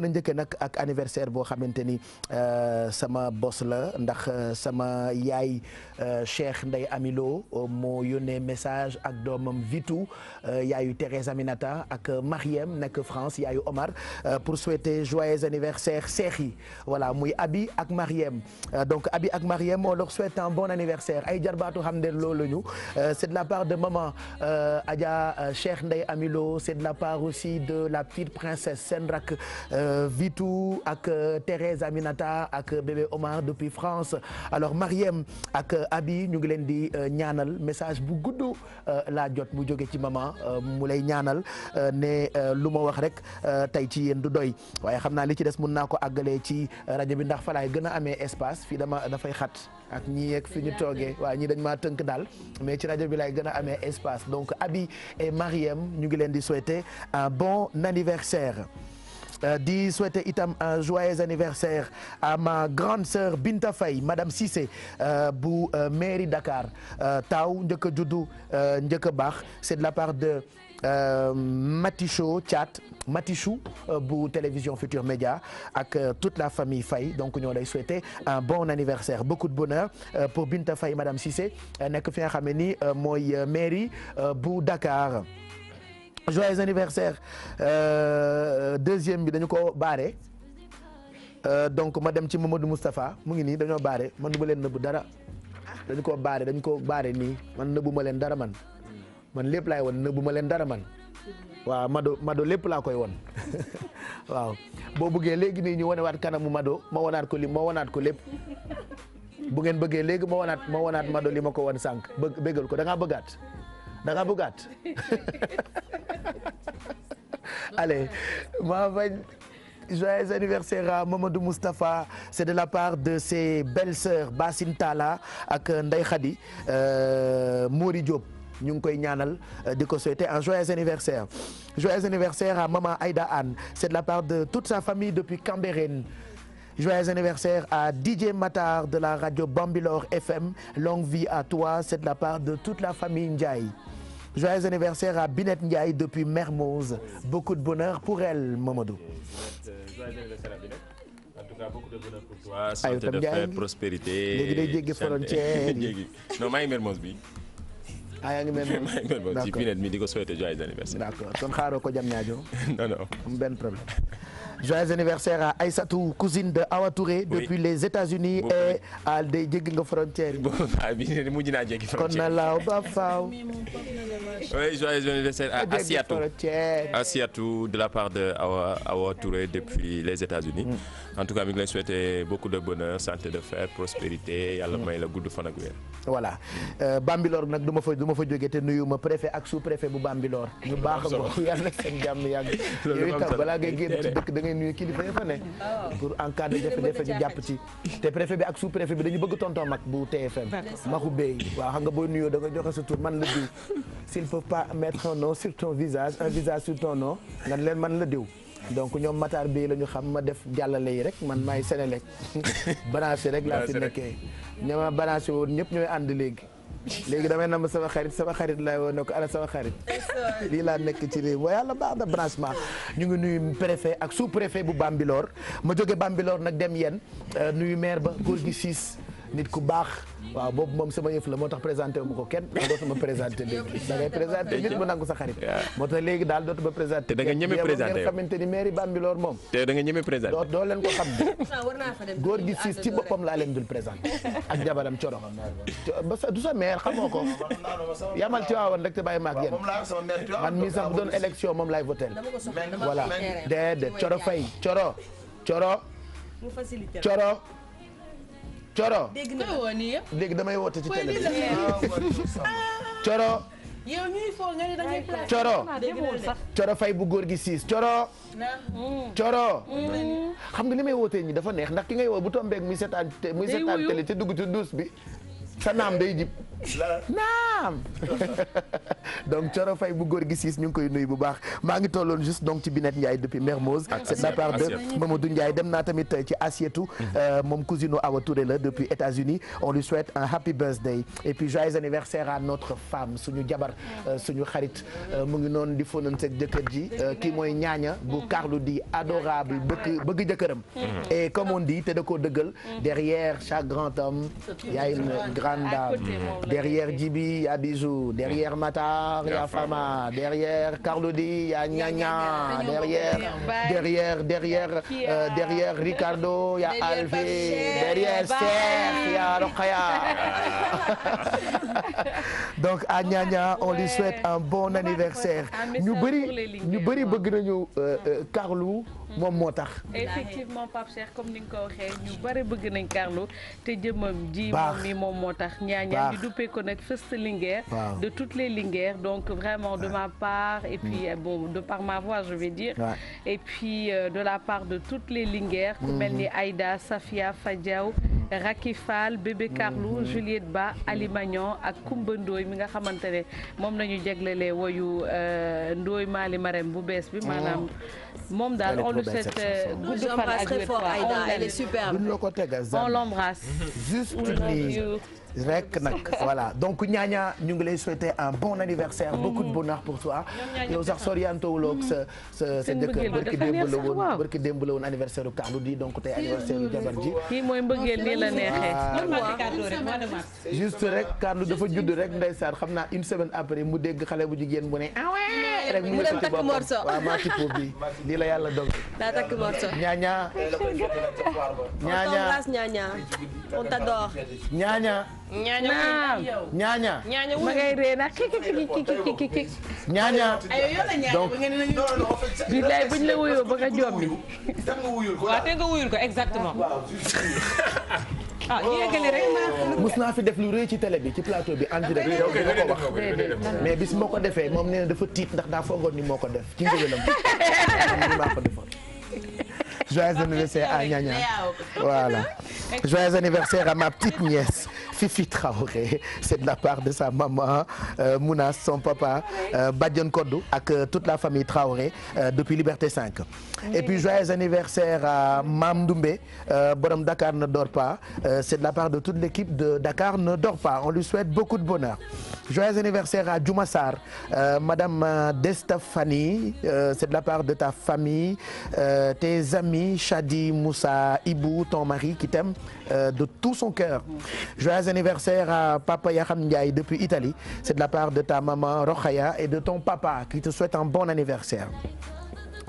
na njëkkee nag ak anniversaire boo xamante ni euh, sama bos la ndax euh, sama yaay euh, Cheikh Ndeye Amilo moo yónnee message ak doomam Vitu yaayu Thérèse Aminata ak Mariem nekk France yaayu Omar pour souhaiter joyeux anniversaire Cheikh yi voilà muy Abi ak Mariem donc Abi ak Mariem olo leur souhaite un bon anniversaire ay jarbaatu xam ne loolu ñu c'est de la part de maman Adja Cheikh Ndeye Amilo c'est de la part aussi de la petite princesse Senrak Euh, Vitou ak euh, Thérèse Aminata ak euh, bébé Omar depuis France alors Mariem ak Abi ñu ngi leen di ñaanal message bu gudd laa jot mu jóge ci maman mu lay ñaanal ne lu ma wax rek tey ci yéen du doy waaye xam naa li ci des mun naa ko àggalee ci rajo bi ndax falaay gën a amee espace fii dama dafay xat ak ñii yeeg fi ñu toogee waaw ñii dañ ma tënk daal mais ci rajo bi laay gën a amee espace donc Abi et Mariem ñu ngi leen di souhaiter un bon anniversaire Euh, di souhaiter itam un joyeux anniversaire à ma grande sœur Binta Faye madame Cissé euh, bu euh, mairie Dakar taaw njëkk a juddu njëkk a baax c'est de la part de Matichou Thiat Matichou bu télévision Futur Média ak toute la famille Faye donc ñoo lay souhaiter un bon anniversaire beaucoup de bonheur pour Binta Faye madame Cissé nekk fi nga xam ne nii mooy mairie bu Dakar. joyeux anniversaire euh, deuxième bi dañu ko baare euh, donc ma dem ci Mamadou Moustapha mu ngi nii dañoo baare man nëbbu leen nëbbu dara dañu ko baare dañu ko baare nii man nëbbu ma leen dara man man lépp laay won nëbbu ma leen dara man waaw Mado Mado lépp laa koy won waaw boo buggee léegi nii ñu wane wanewaat kanamu Mado ma wanaat ko li ma wanaat ko lépp bu ngeen bëggee léegi ma wanaat ma wanaat Mado li ma ko won sànq bëgg bëggal ko da bëggaat da ngaa bëggaat allez maa bañ joyeux anniversaire à c'est de la part de ses belles-sœurs Bassine Talla ak Ndeye Khady euh, Mori Diop ñu ngi koy ñaanal euh, di ko souhaiter un joyeux anniversaire joyeux anniversaire à maman Aïda Anne c'est de la part de toute sa famille depuis Cambérène joyeux anniversaire à DJ Matar de la radio Bambilor FM longue vie à toi c'est de la part de toute la famille Ndiaye joyeux anniversaire à Binette Ndiaye depuis Mermoz beaucoup de bonheur pour elle Mamadou. joyeux anniversaire à Binette. en tout cas beaucoup de bonheur pour toi. santé de prospérité non maa ngi bi. ah yaa ngi mel noonu kon xaaroo ko jam ñaajo. de Awa les États-Unis et à day jéggi naa jéggi frontière kon laaw ba faaw. oui joyeux anniversaire à Assiatou Assiatou de la part de Awa Awa depuis les États-Unis en tout cas mi ngi lay souhaité beaucoup de bonheur santé de fer prospérité yàlla may la gudd fan weer. voilà Bambilor nag du ma fa ma fa jógee te nuyu ma préfet ak sous préfet bu Bambilor ñu baax a ko yàlla na seen jàmm yàgg yow itam balaa ngay génn ci dëkk da ngay nuyu kilifa ya fa ne oh. pour en cas de jafe jàpp ci te préfet bi ak sous préfet bi dañu bëgg tonton mag bu TFM maxu béy waaw xam nga boo nuyoo da nga joxe sa tur man la diw s'il faut pas mettre un visage un visage sur ton nom nga leen man la diw donc ñoom Matar bii la ñu xam ma def jàllale yi rek man maay Sénélec branché rek laa fi nekkee ñama branché woon ñëpp ñooy ànd léegi léegi damay nam sama xarit sama xarit lay woon ne ko ana sama xarit lii laa nekk ci réew wa yàlla baax na branchement ñu ngi nuyu préfet ak sous préfet bu Bambilor ma jóge Bambilor nag dem yeen euh, nuyu maire ba góor gi siis nit ku baax waaw boobu moom sama yëf la moo tax présenté wu ma ko kenn dootuma présenté léegi da ngay présenté nit mu nangu sa xarit moo tax léegi daal dootuma présenté da nga ñeme présenté ngeen xamante ni mairie moom te da ñeme présenté doo ko xam de góor gi ba sa sa maire xamoo ko yamal ci waawoon rek te bàyyi maag yéen man mii sax bu doon élection moom laay votel voilà déedéet coro fay coro coro Coro. dégg na léegi damay woote ci télé bi. Coro. yow ñuy fo nga ne da Coro. fay bu góor gi siis Coro. Coro. Mm. xam nga li may wootee ñi dafa neex ndax ki ngay woo bu tombeek muy seetaan muy seetaan télé te dugg ci douche bi. sa naam day jib naam donc Coro Faye bu góor gi siis ñu ngi koy nuyu bu baax maa ngi tolloon juste donc ci Binette Ndiaye depuis Mermoz c'est de la part de Mamadou Ndiaye dem naa tamit euh, ci Assietou mm-hmm. euh, moom cousine Awa Touré la depuis États-Unis on lui souhaite un happy birthday et puis joyeux anniversaire à notre femme suñu jabar euh, suñu xarit mu ngi noonu di fonante ak jëkkër ji kii mooy ñaaña bu mm-hmm. Carlou di adorable mm-hmm. bëgg bëgg jëkkëram et comme on dit te da koo derrière chaque Kanda derrière Djibi y a Bisou derrière mm. Matar y a Fama derrière Carlodi y a Nyanya derrière derrière euh, derrière Ricardo y a derrière Serre y a donc à Nyanya on lui souhaite un bon anniversaire ñu bëri ñu bëri bëgg nañu euh, ah. euh, moom moo tax. effectivement Pape Cheikh comme ni nga ko waxee ñu bari bëgg nañ Carlou te jëmmam ji. moom mi moom moo tax. ñaañaa ñu duppee ko nag first Linguère. de toutes les Linguères donc vraiment de ma part. et mm. de par ma voix je vais dire. et euh, de la part de toutes les Linguères. ku mel ni mm. Aïda Safia Fadiaw. Raki Fall bébé Carlou mm-hmm. Juliette Ba Ali ak Kumba Ndooy mi nga xamante ne moom la ñu jaglelee woyu euh, Ndooy Maali Marème bu bees bi maanaam. Oh. moom daal on lui souhaite gudd fan ak wér. on l' embrasse très fort Aïda elle est superbe. on l' embrasse. juste ni rek nag voilà donc ñaaña ñu ngi lay souhaiter un bon anniversaire mm. beaucoup de bonheur pour toi yow sax soriantowuloog mm. sa sa sa jëkkër barki démb la woon barki démb la woon anniversaire u Kaalu di donc tey anniversaire u jabar ji kii mooy mbëggeel nii la neexee juste rek Kaalu dafa judd rek ndeysaan xam naa une semaine après mu dégg xale bu jigéen bu ne awe ah rek mu la yàlla dog daa takk morso ñaaña ñaaña Contador. ñaaña. ñaaña ñaaña. ñaaña ma ngay ree nag kik kik kik kik kik. ñaaña. donc billaay buñ la wuyoo ba nga jombi. waaw te nga wuyul ko exactement. ah yéegali rek mus naa fi def lu rëy ci télé bi ci plateau bi en direct yow dina ko wax mais bis moo ko defee moom nee na dafa tiit ndax daa foogoon ni moo ko def ci ngëwélam maa ko defoon joyeux anniversaire à Nya Nya voilà joyeux anniversaire à ma petite nièce Fifi Traoré c'est de la part de sa maman euh, Mounas son papa euh, Badiane Kodou ak euh, toute la famille Traoré depuis Liberté 5 et puis joyeux anniversaire à Mam Doumbé borom Dakar ne dort pas c'est de la part de toute l'équipe de Dakar ne dort pas on lui souhaite beaucoup de bonheur joyeux anniversaire à Djouma Sarr madame Destafani c'est de la part de ta famille tes amis Chadi Moussa Ibou ton mari qui t'aime de tout son cœur mm. joyeux anniversaire à Papa Yaham Ndiaye depuis Italie. C'est de la part de ta maman Rokhaya et de ton papa qui te souhaite un bon anniversaire.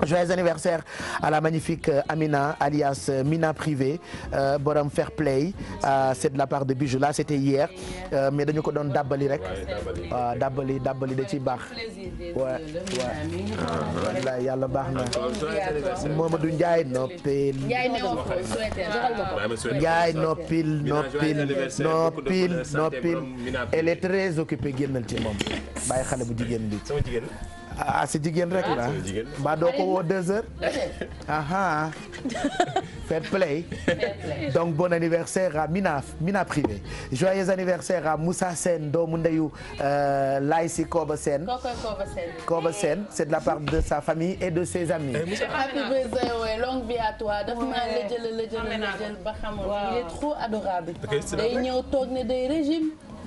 joyeux anniversaire à la magnifique euh, Amina alias euh, Mina Privé euh, borom fair play euh, c'est de la part de Bijou là c'était hier euh, mais dañu ko doon dabbali rek waaw ah, dabbali dabbali da ciy baax wa wa yàlla baax na Mamadou Ndiaye noppil Ndiaye noppil noppil noppil noppil elle est très occupée génnal ci moom bàyyi xale bu jigéen bi Ah, ah si jigéen rek la mbaa doo deux heures aha ah. fair play donc bon anniversaire à Mina Privé joyeux anniversaire à Moussa Sène doomu ndeyu euh, laay si Koba Sène Koba Sène c'est de la part de sa famille et de ses amis eh, il est trop adorable day ñëw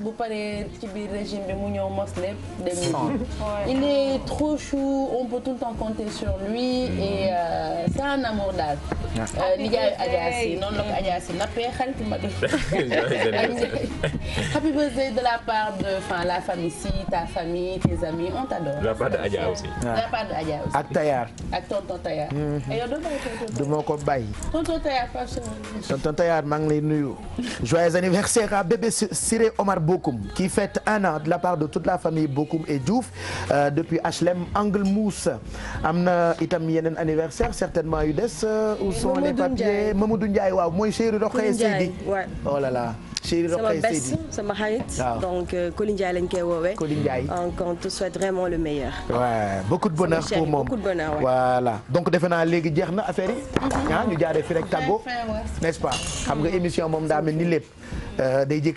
bu paree ci biir régime bi mu ñëw mos lépp dem il est trop chou on peut tout le temps compter sur lui et euh, c'est un amour daal nijaayu Adja Sy noonu la ko Adja Sy nappee xarit ma def happy birthday de la part de enfin la famille si ta famille tes amis on t'adore de la part de Adja aussi de la part de Adja aussi ak Tayar ak tonton Tayar mm-hmm. yow doo bàyyi tonton du ma ko bàyyi tonton Tayar tonton Tayar maa ngi lay nuyu joyeux anniversaire à bébé Siré Omar Bokoum qui fête un de la part de toute la famille Bokoum et Diouf euh, depuis HLM Angle Mousse am na itam yeneen anniversaire certainement yu des. Euh, où sont les papiers Mamadou Ndiaye waaw mooy chéri Rokhaya Seydi oh là là chéri Rokhaya Seydi sama xarit donc euh, Coly Ndiaye lañ koy on te souhaite vraiment le beaucoup de bonheur pour donc defe naa léegi jeex na affaire yi. Mhm. ah ñu jaaree fi n'est-ce pas xam nga émission moom daa mel ni lépp euh,